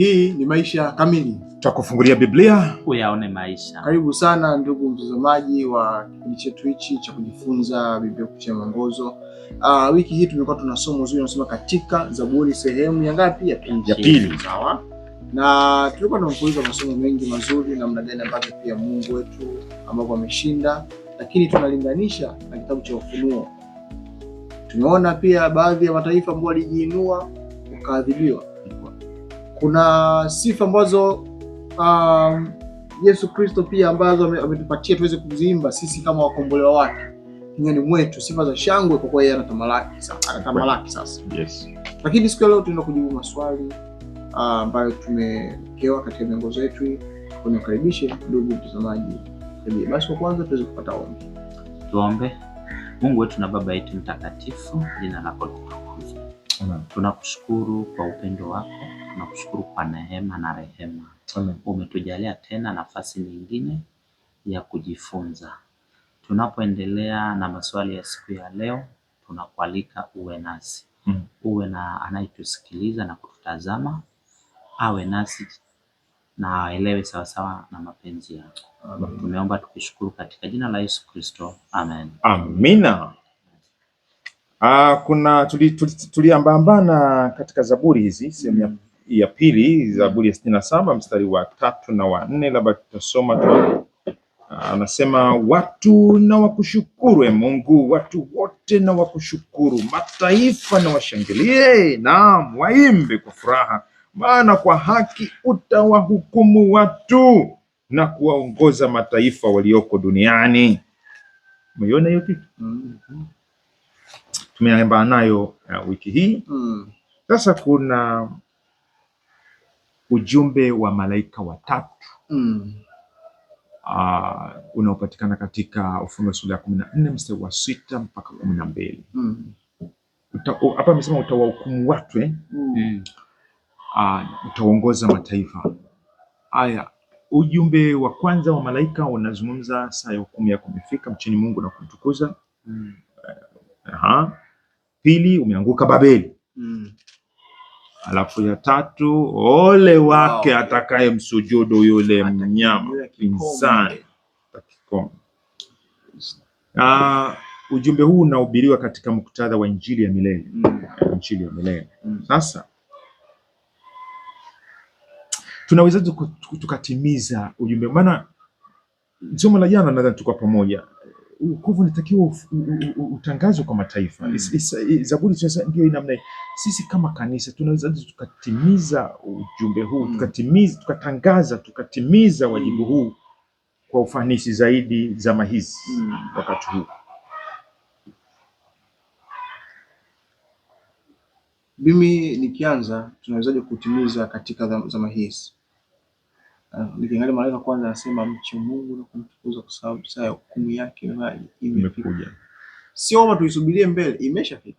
Hii ni Maisha Kamili, tutakufungulia Biblia uyaone maisha. Karibu sana ndugu mtazamaji wa kipindi chetu hichi cha kujifunza Biblia kupitia mwongozo. Uh, wiki hii tumekuwa tuna somo zuri unasema katika Zaburi sehemu ya ngapi? Ya pili. Sawa, na tulikuwa tunamfuliza masomo mengi mazuri, namna gani ambavyo pia Mungu wetu ambao ameshinda, lakini tunalinganisha na kitabu cha Ufunuo. Tumeona pia baadhi ya mataifa ambao walijiinua wakaadhibiwa kuna sifa ambazo um, Yesu Kristo pia ambazo ametupatia tuweze kuziimba sisi kama wakombolewa wake kinywani mwetu, sifa za shangwe, kwa kuwa yeye anatamalaki sasa, anatamalaki sasa. Yes. Lakini siku leo tunaenda kujibu maswali uh, ambayo uh, katika katika miongozo yetu. Niwakaribishe ndugu mtazamaji, basi kwa kwanza tuweze kupata ombi. Tuombe. Mungu wetu na Baba yetu mtakatifu, jina lako litukuzwe. Tunakushukuru kwa upendo wako tunakushukuru kwa neema na rehema, umetujalia tena nafasi nyingine ya kujifunza. Tunapoendelea na maswali ya siku ya leo, tunakualika uwe nasi mm. uwe na anayetusikiliza na kututazama awe nasi na aelewe sawasawa na mapenzi yako. Tumeomba tukishukuru katika jina la Yesu Kristo, amen. Amina. Uh, kuna tuliambambana tuli, tuli katika Zaburi hizi sehemu ya ya pili Zaburi ya sitini na saba mstari wa tatu na wa nne labda tutasoma tu. Ah, anasema watu na wakushukuru, e Mungu, watu wote na wakushukuru, mataifa na washangilie, naam, waimbe kwa furaha, maana kwa haki utawahukumu watu na kuwaongoza mataifa walioko duniani. Umeiona hiyo kitu? mm -hmm. nayo uh, wiki hii mm. sasa. kuna ujumbe wa malaika watatu mm. uh, unaopatikana katika Ufunuo sura ya kumi na nne mstari wa sita mpaka kumi na mbili mm. Hapa amesema utawahukumu watu eh? mm. uh, utaongoza mataifa haya. Ujumbe wa kwanza wa malaika unazungumza saa ya hukumu yako imefika, mchini Mungu na kumtukuza mm. uh, Pili, umeanguka Babeli mm. Alafu ya tatu, ole wake atakaye msujudu yule mnyama pinzani. Uh, ujumbe huu unahubiriwa katika muktadha wa injili ya milele mm. Injili ya milele mm. Sasa tunawezaje tukatimiza ujumbe? Maana somo la jana nadhani tuko pamoja wokovu unatakiwa utangazwe kwa mataifa. Hmm. Eh, Zaburi ndio namna sisi kama kanisa tunaweza tukatimiza ujumbe huu mm. tukatimiza, tukatangaza, tukatimiza hmm. wajibu huu kwa ufanisi zaidi zama hizi mm. wakati huu mimi nikianza, tunawezaje kutimiza katika zama hizi? Uh, nikiangalia malaika kwanza anasema mche Mungu na kumtukuza kwa sababu saa ya hukumu yake imekuja. Sio kama tuisubirie mbele, imeshafika.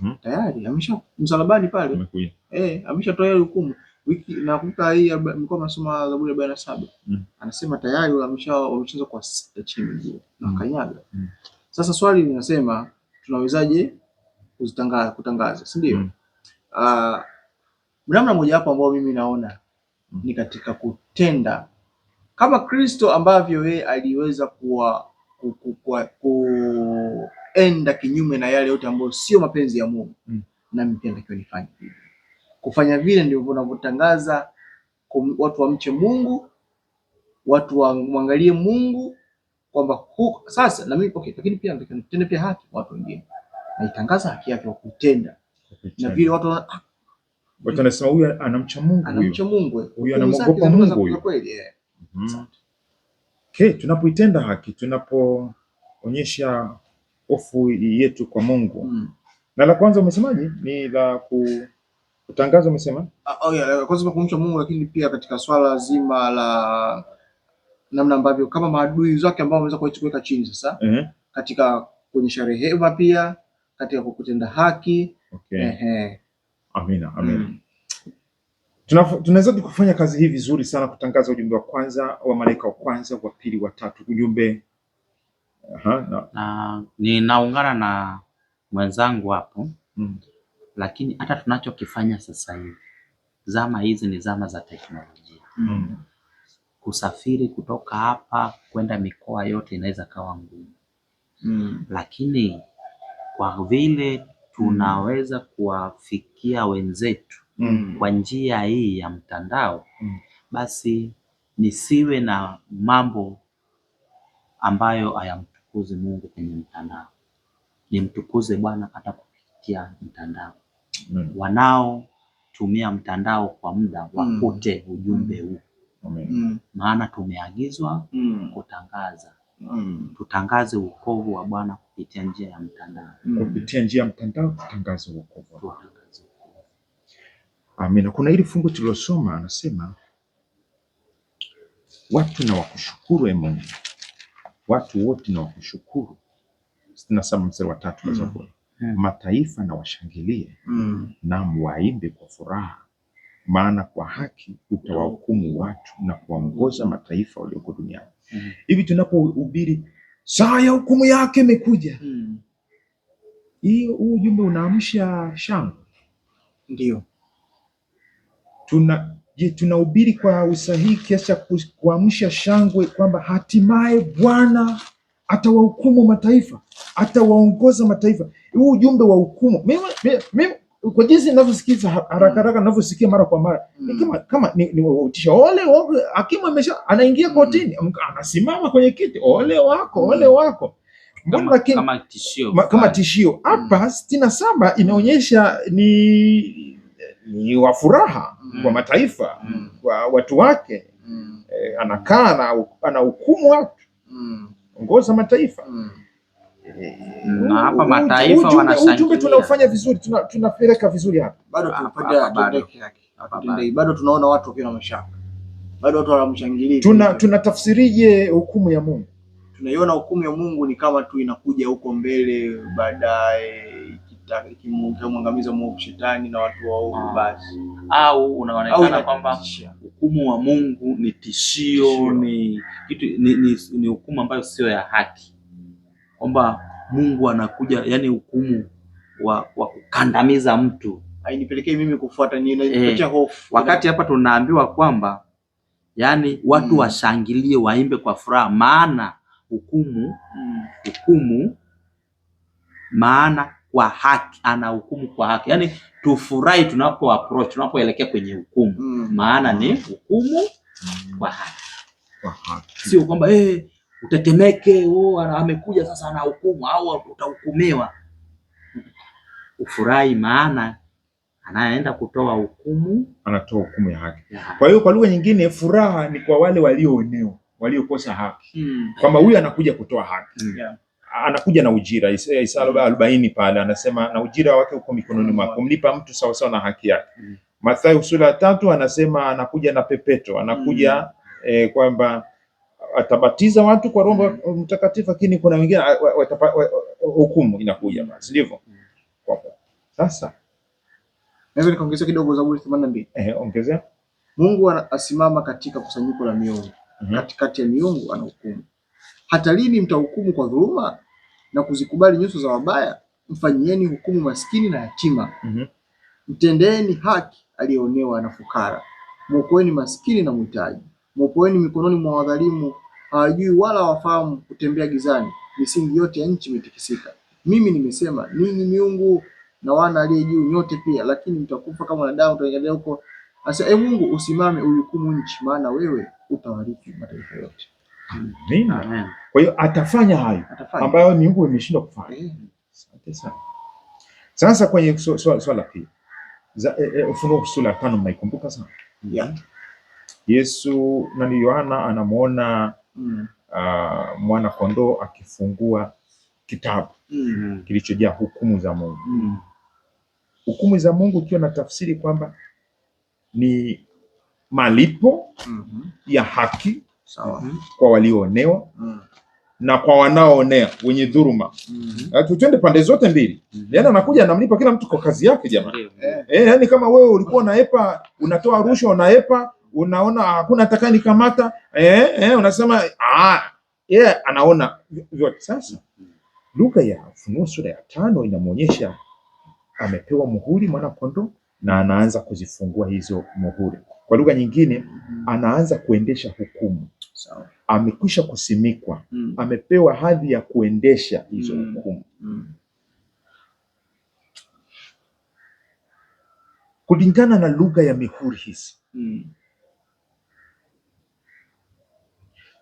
Mhm. Tayari amesha msalabani pale. Imekuja. Eh, ameshatoa ile hukumu. Wiki na nakumbuka hii nilikuwa nasoma Zaburi ya saba Mm Anasema tayari wamesha wamecheza kwa chini miguu na mhm. kanyaga. Mm -hmm. Sasa swali linasema tunawezaje kuzitangaza kutangaza, si ndio? Mm -hmm. Ah, namna hapo ambao mimi naona ni katika kutenda kama Kristo ambavyo yeye aliweza kuwa kuenda kinyume na yale yote ambayo sio mapenzi ya Mungu mm. nami pia natakiwa nifanye hivyo. Kufanya vile ndivyo vinavyotangaza watu wamche Mungu, watu wamwangalie Mungu kwamba sasa na mimi okay, lakini pia nitende pia haki watu wengine, naitangaza haki yake kwa kutenda, na vile watu wanaona Watu wanasema huyu anamcha Mungu, anamcha Mungu, huyu anamwogopa Mungu huyu. Mhm. Okay, tunapoitenda haki, tunapoonyesha hofu yetu kwa Mungu mm. Na la kwanza umesemaje? Ni la ku kutangaza umesema? Ah, oh, yeah, kwanza kwa kumcha Mungu, lakini pia katika swala zima la namna ambavyo kama maadui zake ambao wameweza kuweka chini sasa mm -hmm. Katika kuonyesha rehema pia katika kutenda haki okay. eh, eh. Amina, amina. Mm. Tunaweza kufanya kazi hii vizuri sana kutangaza ujumbe wa kwanza wa malaika wa kwanza wa pili wa tatu ujumbe. Aha, na, na ninaungana na mwenzangu hapo mm. Lakini hata tunachokifanya sasa hivi, zama hizi ni zama za teknolojia mm. Kusafiri kutoka hapa kwenda mikoa yote inaweza kawa ngumu mm. Lakini kwa vile tunaweza kuwafikia wenzetu mm. kwa njia hii ya mtandao mm. basi nisiwe na mambo ambayo hayamtukuzi Mungu kwenye mtandao, nimtukuze Bwana hata kupitia mtandao mm. wanaotumia mtandao kwa muda mm. wakute mm. ujumbe huu mm. maana tumeagizwa mm. kutangaza mm. tutangaze wokovu wa Bwana kupitia njia ya mtandao, mm. kupitia njia ya mtandao kutangaza wokovu. Amina. Kuna hili fungu tulilosoma, anasema watu na wakushukuru, e Mungu, watu wote na wakushukuru. sitini na saba mstari wa tatu mm. Mataifa na washangilie mm. na mwaimbe kwa furaha, maana kwa haki utawahukumu watu na kuongoza mataifa walioko duniani. Mm. Hivi tunapohubiri saa ya hukumu yake imekuja. Hiyo hmm. Huu ujumbe unaamsha shangwe, ndio tuna tunahubiri kwa usahihi kiasi cha kuamsha shangwe kwamba hatimaye Bwana atawahukumu mataifa, atawaongoza mataifa. Huu ujumbe wa hukumu mimi kwa jinsi ninavyosikiza haraka haraka ninavyosikia mara kwa mara mm. kama kama ni ole wako. Hakimu amesha anaingia mm. kotini, anasimama kwenye kiti, ole wako, mm. ole wako kama, kama tishio ma, kama tishio mm. hapa mm. sitini na saba inaonyesha ni ni wa furaha mm. kwa mataifa mm. kwa watu wake mm. E, anakaa anahukumu ana hukumu watu mm. ongoza mataifa mm na hapa mataifa wanashangilia. Ujumbe tunaufanya vizuri, tunapeleka vizuri hapa, bado tunaona watu wakiwa na mashaka, bado watu wanamshangilia. Tuna tunatafsirije hukumu ya Mungu? Tunaiona hukumu ya Mungu ni kama tu inakuja huko mbele baadaye ikimwangamiza Mungu shetani na watu waovu ah. basi, au unaonekana kwamba hukumu wa Mungu ni tishio, ni kitu ni hukumu ambayo sio ya haki kwamba Mungu anakuja, yani hukumu wa, wa kukandamiza mtu hainipelekei mimi kufuata ni eh, hofu. Wakati hapa tunaambiwa kwamba yani watu mm. washangilie waimbe kwa furaha, maana hukumu mm. hukumu mm. maana kwa haki ana hukumu kwa haki, yani tufurahi tunapo approach tunapoelekea kwenye hukumu mm. maana ni hukumu mm. kwa haki, sio kwamba eh utetemeke, oh, amekuja sasa anahukumu au utahukumiwa. Ufurahi, maana anaenda kutoa hukumu, anatoa hukumu ya haki. Kwa hiyo kwa lugha nyingine, furaha ni kwa wale walioonewa, waliokosa haki hmm. Kwamba huyu anakuja kutoa haki hmm. yeah anakuja na ujira. Isa hmm. arobaini pale anasema na ujira wake uko mikononi hmm. mwako, mlipa mtu sawa sawa na haki yake. Hmm. Mathayo sura ya tatu anasema anakuja na pepeto, anakuja mm. eh, kwamba atabatiza watu kwa Roho Mtakatifu, lakini kuna wengine hukumu inakuja basi, ndivyo Sasa naweza nikaongezea kidogo Zaburi 82. Eh, ongezea. Mungu asimama katika kusanyiko la miungu mm -hmm. Katikati ya miungu anahukumu. Hata lini mtahukumu kwa dhuluma na kuzikubali nyuso za wabaya? Mfanyieni hukumu maskini na yatima mm -hmm. Mtendeeni haki aliyeonewa na fukara, mwokoeni maskini na mhitaji, mwokoeni mikononi mwa wadhalimu hawajui wala wafahamu kutembea gizani, misingi yote ya nchi imetikisika. Mimi nimesema ninyi miungu na wana aliye juu nyote pia, lakini mtakufa kama wanadamu. Tunaendelea huko asa, e Mungu usimame uhukumu nchi, maana wewe utawariki mataifa yote. Amen. Kwa hiyo atafanya hayo ambayo miungu imeshindwa kufanya. Asante sana. Sasa kwenye swala la pili e, e, Ufunuo sura tano mnaikumbuka sana. Yeah. Yesu na Yohana anamuona mm. uh, mwana kondoo akifungua kitabu mm. kilichojaa hukumu za Mungu mm. hukumu za Mungu ikiwa na tafsiri kwamba ni malipo mm -hmm. ya haki Sawa. Mm -hmm. kwa walioonewa mm. na kwa wanaoonea wenye dhuruma mm -hmm. tuende twende pande zote mbili mm -hmm. yaani anakuja anamlipa kila mtu kwa kazi yake jamani. mm -hmm. eh, eh yaani kama wewe ulikuwa unaepa unatoa rushwa unaepa unaona hakuna atakayenikamata eh, eh, unasema ah, yeye yeah, anaona vyote. Sasa Luka ya Ufunuo sura ya tano inamwonyesha amepewa muhuri mwana kondoo na anaanza kuzifungua hizo muhuri. Kwa lugha nyingine, anaanza kuendesha hukumu. Sawa, amekwisha kusimikwa, mm. amepewa hadhi ya kuendesha hizo mm. hukumu. Mm. Kulingana na lugha ya mihuri hizi,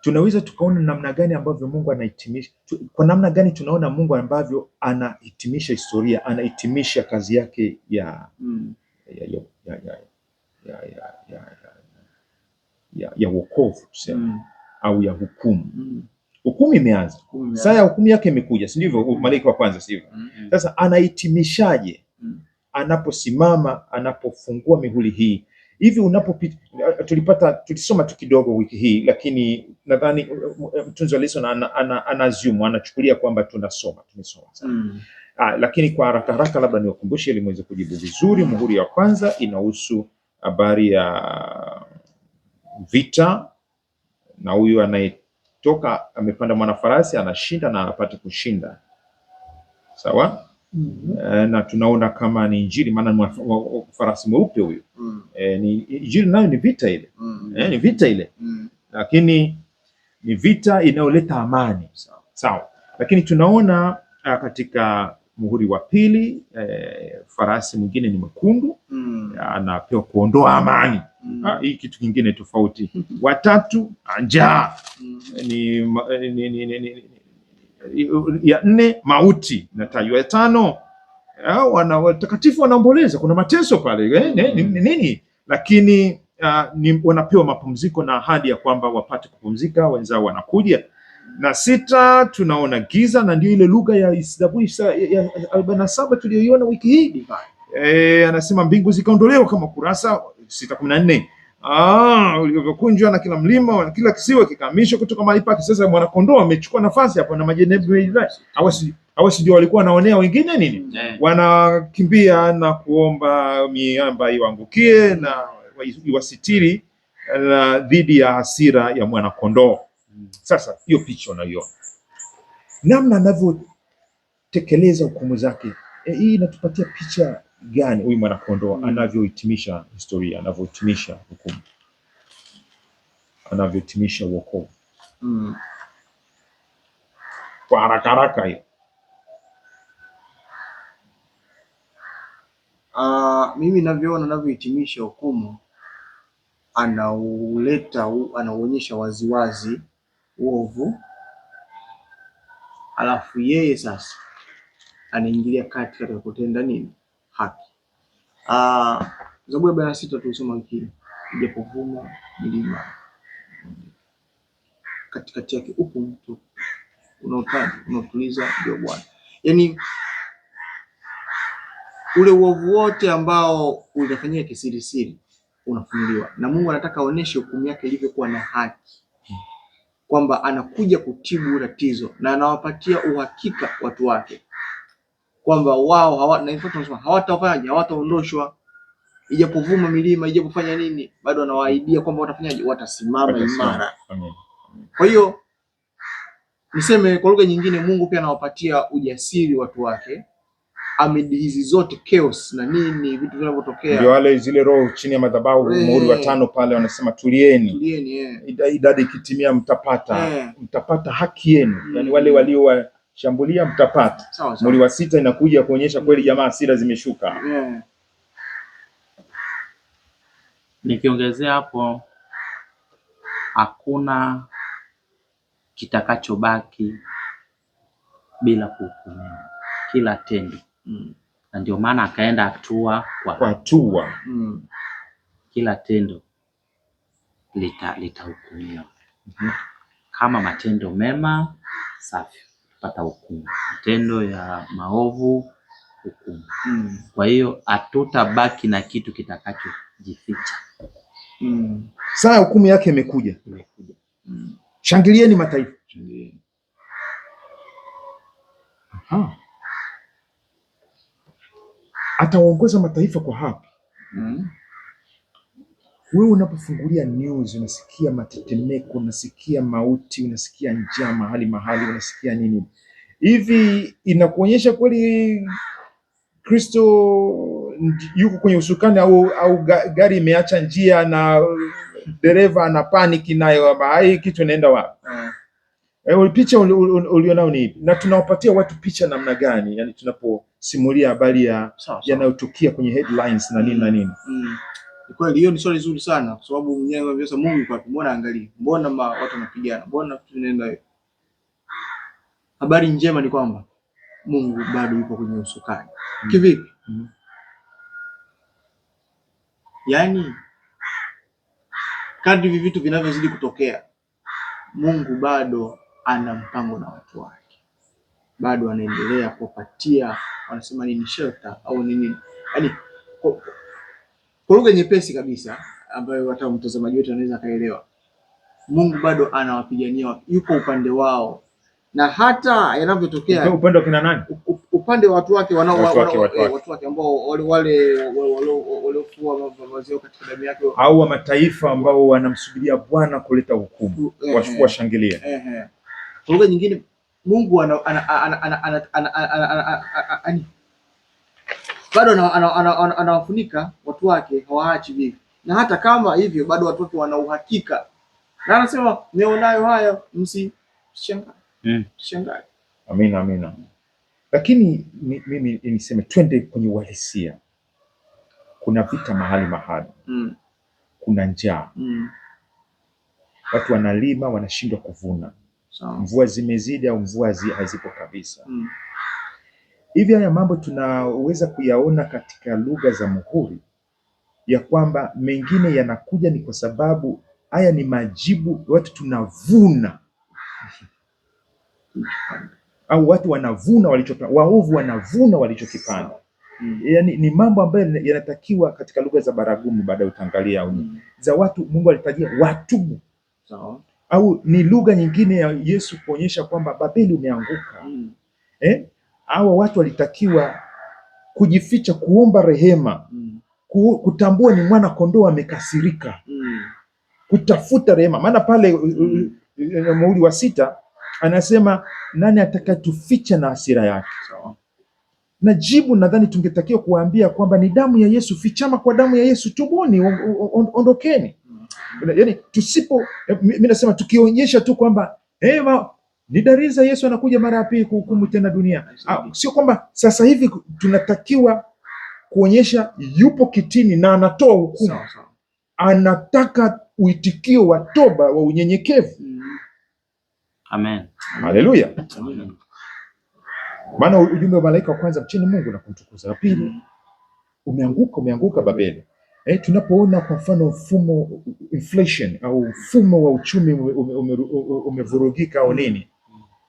tunaweza tukaona namna gani ambavyo Mungu anahitimisha, kwa namna gani tunaona Mungu ambavyo anahitimisha historia, anahitimisha kazi yake ya mm. ya, ya, ya, ya, ya, ya, ya, ya, wokovu mm. au ya hukumu mm. Hukumu imeanza saa ya hukumu yake imekuja, si ndivyo? Malaika wa kwanza, sivyo? Mm, Sasa anahitimishaje? Anaposimama, anapofungua mihuri hii hivi unapopita, tulipata tulisoma tu kidogo wiki hii, lakini nadhani uh, uh, mtunzi wa na ana, ana, assume anachukulia kwamba tunasoma tumesoma sana mm. Ah, lakini kwa haraka haraka labda niwakumbushe ili muweze kujibu vizuri. Muhuri ya kwanza inahusu habari ya vita, na huyu anayetoka amepanda mwanafarasi anashinda na anapata kushinda, sawa mm -hmm. na tunaona kama ni injili, maana ni farasi mweupe huyu mm -hmm. e, ni injili nayo ni vita ile mm -hmm. e, ni vita ile mm -hmm. lakini ni vita inayoleta amani sawa. lakini tunaona a, ah, katika muhuri wa pili e, farasi mwingine ni mwekundu mm. Ah, anapewa kuondoa amani mm. Ah, hii kitu kingine tofauti. Watatu njaa mm. ni, ni, ni, ni, ni, ya nne mauti inatajwa, ya tano wana watakatifu wanaomboleza, kuna mateso pale eh, nini, lakini uh, ni, wanapewa mapumziko na ahadi ya kwamba wapate kupumzika, wenzao wanakuja. Na sita tunaona giza, na ndio ile lugha ya arobaini na saba tuliyoiona wiki hii eh, anasema mbingu zikaondolewa kama kurasa sita kumi na nne ah, ulivyokunjwa na kila mlima na kila kisiwa kikamishwa kutoka mahali pake. Sasa mwanakondoo amechukua nafasi hapo na majenebi hawa ndio walikuwa wanaonea wengine nini, yeah. Wanakimbia na kuomba miamba iwaangukie na iwasitiri na dhidi ya hasira ya mwanakondoo. Sasa hiyo picha unaiona namna anavyotekeleza hukumu zake. E, hii inatupatia picha gani huyu mwanakondoo hmm. anavyohitimisha historia, anavyohitimisha hukumu, anavyohitimisha wokovu mm. kwa haraka haraka hiyo. Uh, mimi navyoona anavyohitimisha hukumu anauleta, anauonyesha waziwazi uovu, alafu yeye sasa anaingilia kati katika kutenda nini haki. Ah, Zaburi ya arobaini sita tulisoma hiki, ijapovuma milima katikati yake upo mtu unaotaji unaotuliza ndio Bwana. Yaani ule uovu wote ambao ulifanyia kisiri siri unafunuliwa, na Mungu anataka aoneshe hukumu yake ilivyokuwa na haki, kwamba anakuja kutibu tatizo na anawapatia uhakika watu wake kwamba wao hawatafanyaje, hawataondoshwa ijapovuma milima, ijapofanya nini, bado anawaahidia kwamba watafanyaje, watasimama imara. Kwa hiyo niseme kwa lugha nyingine, Mungu pia anawapatia ujasiri watu wake amid hizi zote chaos na nini vitu vinavyotokea, ndio wale zile roho chini ya madhabahu eh. muhuri wa tano pale wanasema tulieni, tulieni yeah. Idadi ikitimia mtapata yeah. mtapata haki yenu mm. Yani wale walio wa shambulia mtapata. Mwezi wa sita inakuja kuonyesha kweli jamaa sira zimeshuka, yeah. Nikiongezea hapo, hakuna kitakachobaki bila kuhukumiwa kila tendo mm. Na ndio maana akaenda hatua kwa hatua mm. Kila tendo litahukumiwa lita mm -hmm. Kama matendo mema safi atapata hukumu. Matendo ya maovu hukumu. Mm. Kwa hiyo hatutabaki na kitu kitakachojificha. Mm. Saa ya hukumu yake imekuja, imekuja. Mm. Shangilieni mataifa, shangilieni. Aha. Ataongoza mataifa kwa haki. Mm. Wewe unapofungulia news unasikia matetemeko, unasikia mauti, unasikia njaa mahali mahali, unasikia nini hivi, inakuonyesha kweli Kristo yuko kwenye usukani au, au gari imeacha njia na dereva ana panic nayo, hii kitu inaenda wapi? Uh, picha ulionao ni ipi? Na tunawapatia watu picha namna gani? Yani tunaposimulia habari ya yanayotukia kwenye headlines na nini na nini mm. Ni kweli hiyo ni swali zuri sana kwa sababu mwenyewe Mungu kwapi? Mbona angalia, mbona watu wanapigana, mbona vitu vinaenda hivi? Habari njema ni kwamba Mungu bado yupo kwenye usukani. mm. Kivipi? mm. Yaani, kadri vitu vinavyozidi kutokea, Mungu bado ana mpango na watu wake, bado anaendelea kuwapatia wanasema nini, shelter au nini, yaani kwa lugha nyepesi kabisa ambayo hata mtazamaji wetu anaweza akaelewa, Mungu bado anawapigania, yuko upande wao, na hata yanavyotokea upande wa kina nani, upande wa watu wake, watu wake ambao wale waliofua mavazi yao katika damu yake, au wa mataifa ambao wanamsubiria Bwana kuleta hukumu, washangilia. Kwa lugha nyingine, Mungu ana bado anawafunika watu wake, hawaachi vivi na hata kama hivyo bado watu wake wana uhakika, na anasema mionayo haya msishangae. Mm. Shangae. Amina, amina. Lakini mimi niseme twende kwenye uhalisia. Kuna vita mahali mahali. Mm. Kuna njaa. Mm. Watu wanalima wanashindwa kuvuna. Sawa. Mvua zimezidi au mvua hazipo kabisa. Mm. Hivi haya mambo tunaweza kuyaona katika lugha za muhuri ya kwamba mengine yanakuja ni kwa sababu haya ni majibu, watu tunavuna au watu wanavuna walichopanda, waovu wanavuna walichokipanda. Yani, ni mambo ambayo yanatakiwa katika lugha za baragumu ya utangalia au mm. za watu Mungu alitajia watubu so. au ni lugha nyingine ya Yesu kuonyesha kwamba Babeli umeanguka mm. eh? hawa watu walitakiwa kujificha, kuomba rehema mm. kutambua ni mwana kondoo amekasirika mm. kutafuta rehema, maana pale mm. muhuri wa sita anasema nani atakayetuficha na hasira yake? so. na jibu nadhani tungetakiwa kuwaambia kwamba ni damu ya Yesu, fichama kwa damu ya Yesu, tubuni, ondokeni. mm. Yani tusipo, mimi eh, nasema tukionyesha tu kwamba ni dariza Yesu anakuja mara ya pili kuhukumu tena dunia. Sio kwamba sasa hivi tunatakiwa kuonyesha yupo kitini na anatoa hukumu. Anataka uitikio wa toba wa unyenyekevu. Amen. Haleluya. Maana ujumbe wa malaika wa kwanza mchini Mungu na kumtukuza. wa pili, umeanguka umeanguka Babeli. Eh, tunapoona kwa mfano mfumo inflation au mfumo wa uchumi umevurugika ume, ume, ume au nini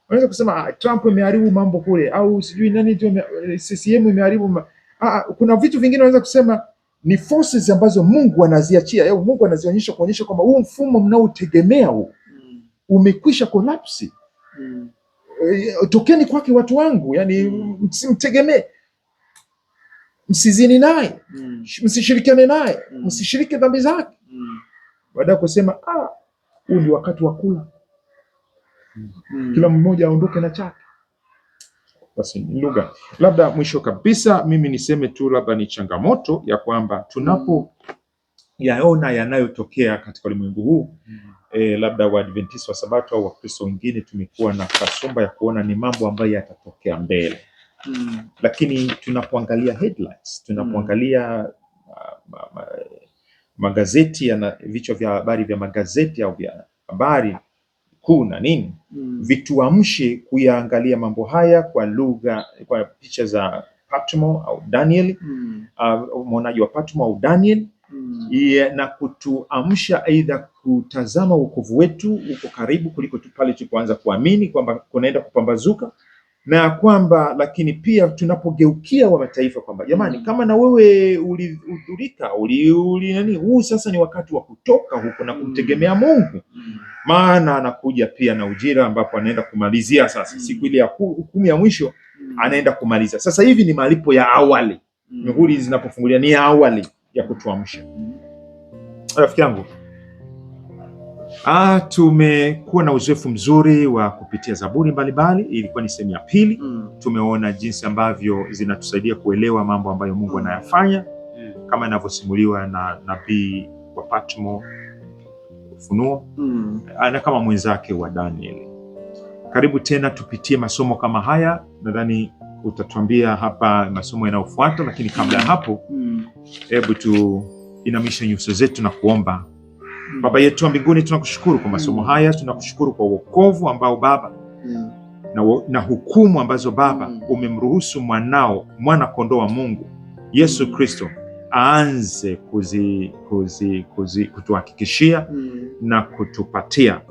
Unaweza kusema ah, Trump imeharibu mambo kule, au sijui nani tu eh, CCM imeharibu. Ah, ah, kuna vitu vingine unaweza kusema ni forces ambazo Mungu anaziachia au eh, Mungu anazionyesha kuonyesha kwamba huu mfumo mnaotegemea huu hmm. umekwisha kolapsi. Mm. E, eh, Tokeni kwake watu wangu, yani hmm. msimtegemee, msizini naye, mm. msishirikiane naye, mm. msishirike dhambi zake. mm. Baada ya kusema ah, huu ni wakati wa kula mm mm. Kila mmoja aondoke na chake. Basi lugha. Labda mwisho kabisa, mimi niseme tu, labda ni changamoto ya kwamba tunapo mm. yaona yanayotokea katika ulimwengu huu mm. E, labda Waadventista wa Sabato au Wakristo wengine tumekuwa na kasumba ya kuona ni mambo ambayo yatatokea mbele mm. Lakini tunapoangalia headlines, tunapoangalia mm. magazeti yana vichwa vya habari vya magazeti au vya habari kuu na nini mm. vituamshe kuyaangalia mambo haya kwa lugha kwa picha za Patmo au Daniel mm. uh, mwonaji wa Patmo au Daniel mm. yeah, na kutuamsha aidha kutazama wokovu wetu uko karibu kuliko tu pale tulipoanza kuamini kwamba kunaenda kupambazuka na ya kwamba lakini pia tunapogeukia wa mataifa kwamba jamani, mm. kama na wewe ulihudhurika uli, uli, nani huu sasa ni wakati wa kutoka huko na kumtegemea mm. Mungu mm. maana anakuja pia na ujira ambapo anaenda kumalizia sasa mm. siku ile ya hukumu ya mwisho mm. anaenda kumaliza sasa hivi ni malipo ya awali mm. mihuri zinapofungulia ni ya awali ya kutuamsha. Mm. Rafiki yangu Ah, tumekuwa na uzoefu mzuri wa kupitia zaburi mbalimbali, ilikuwa ni sehemu ya pili mm. Tumeona jinsi ambavyo zinatusaidia kuelewa mambo ambayo Mungu mm. anayafanya mm. kama inavyosimuliwa na nabii wa Patmo Ufunuo mm. Ah, na kama mwenzake wa Daniel. Karibu tena tupitie masomo kama haya, nadhani utatuambia hapa masomo yanayofuata, lakini kabla ya hapo, mm. hebu tuinamishe nyuso zetu na kuomba Baba yetu wa mbinguni, tunakushukuru kwa masomo mm. haya, tunakushukuru kwa uokovu ambao Baba mm. na, na hukumu ambazo Baba mm. umemruhusu mwanao mwana kondoo wa Mungu Yesu Kristo aanze kuzi, kuzi, kuzi, kutuhakikishia na kutupatia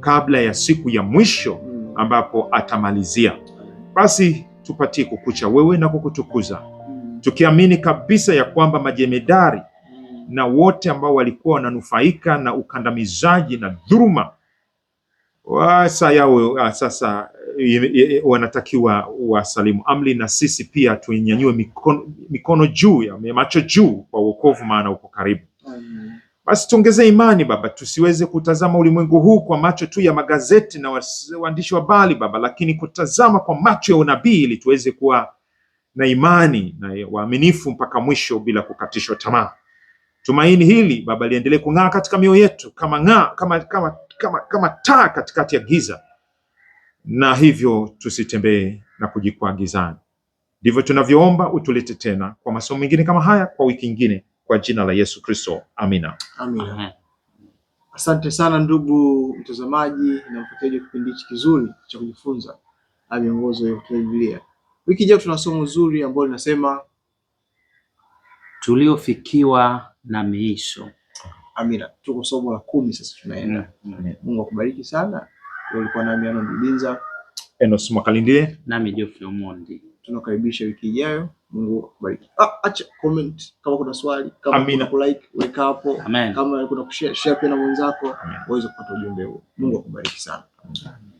kabla ya siku ya mwisho ambapo atamalizia. Basi tupatie kukucha wewe na kukutukuza, tukiamini kabisa ya kwamba majemedari na wote ambao walikuwa wananufaika na ukandamizaji na dhuruma ah, sasa eh, yao sasa wanatakiwa wasalimu amri, na sisi pia tuinyanyue mikono, mikono juu ya macho juu kwa wokovu, maana uko karibu. Basi tuongeze imani Baba, tusiweze kutazama ulimwengu huu kwa macho tu ya magazeti na waandishi wa habari Baba, lakini kutazama kwa macho ya unabii ili tuweze kuwa na imani na waaminifu mpaka mwisho bila kukatishwa tamaa. Tumaini hili Baba liendelee kung'aa katika mioyo yetu kama ng'aa, kama, kama, kama, kama taa katikati ya giza, na hivyo tusitembee na kujikwaa gizani. Ndivyo tunavyoomba, utulete tena kwa masomo mengine kama haya kwa wiki nyingine, kwa jina la Yesu Kristo, amina, amina. Asante sana ndugu mtazamaji na mpokeaji wa kipindi hiki kizuri cha kujifunza na miongozo ya Biblia. Wiki ijayo tuna somo zuri ambalo linasema tuliofikiwa na miisho. Amina, tuko somo la kumi sasa tunaenda. Mm. Mm. Mungu akubariki sana. Ulikuwa nami Ano Dubinza, Enos Mwakalindile nami Geoffrey Omondi. Tunakaribisha wiki ijayo. Mungu akubariki. Ah, acha comment kama kuna swali, kama Amina. kuna like weka hapo, kama kuna kushare share pia na mwenzako uweze kupata ujumbe huo. Mungu akubariki sana. Amina.